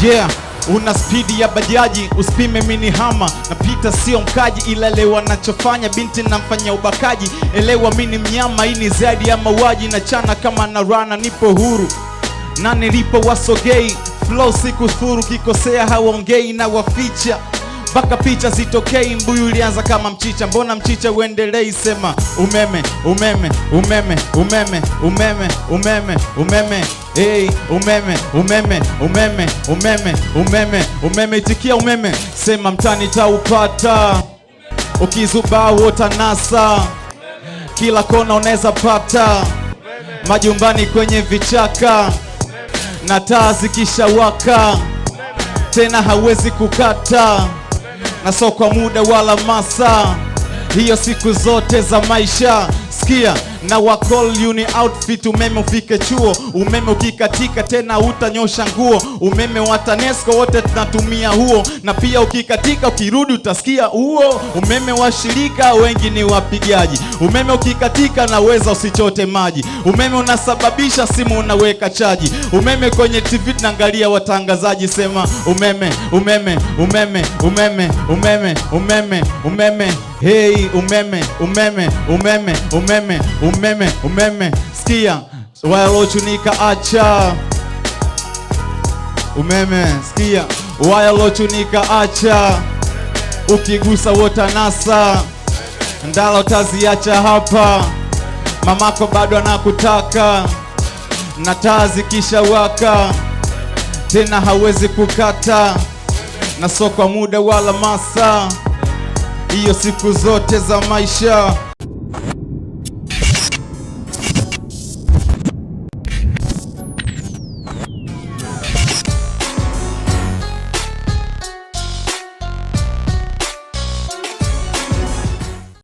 Je, yeah, una spidi ya bajaji usipime mini hama napita sio mkaji ila lewa nachofanya binti namfanya ubakaji elewa mini mnyama ini zaidi ya mauaji na chana kama na rana nipo huru na nilipo wasogei flow siku furu kikosea hawaongei na waficha mpaka picha zitokei. Mbuyu ulianza kama mchicha, mbona mchicha uendelei? Sema umeme umeme umeme umeme umeme umeme umeme Hey, umeme umeme umeme umeme umeme umeme, itikia umeme. Sema mtani taupata, ukizubaa nasa, kila kona unaweza pata, majumbani, kwenye vichaka na taa zikishawaka, tena hawezi kukata na sio kwa muda wala masaa, hiyo siku zote za maisha. Sikia na wa call you ni outfit. Umeme ufike chuo, umeme ukikatika tena utanyosha nguo. Umeme wa TANESCO wote tunatumia huo, na pia ukikatika ukirudi utasikia huo. Umeme wa shirika wengi ni wapigaji. Umeme ukikatika naweza usichote maji. Umeme unasababisha simu unaweka chaji. Umeme kwenye TV tunaangalia watangazaji, sema umeme, umeme, umeme, umeme, umeme, umeme, umeme, hey, umeme, umeme, umeme, umeme, umeme umeme, umeme, sikia walochunika, acha umeme, sikia walochunika, acha ukigusa wotanasa, ndala utaziacha hapa, mamako bado anakutaka na taa zikisha waka tena hawezi kukata, na muda wala masa hiyo siku zote za maisha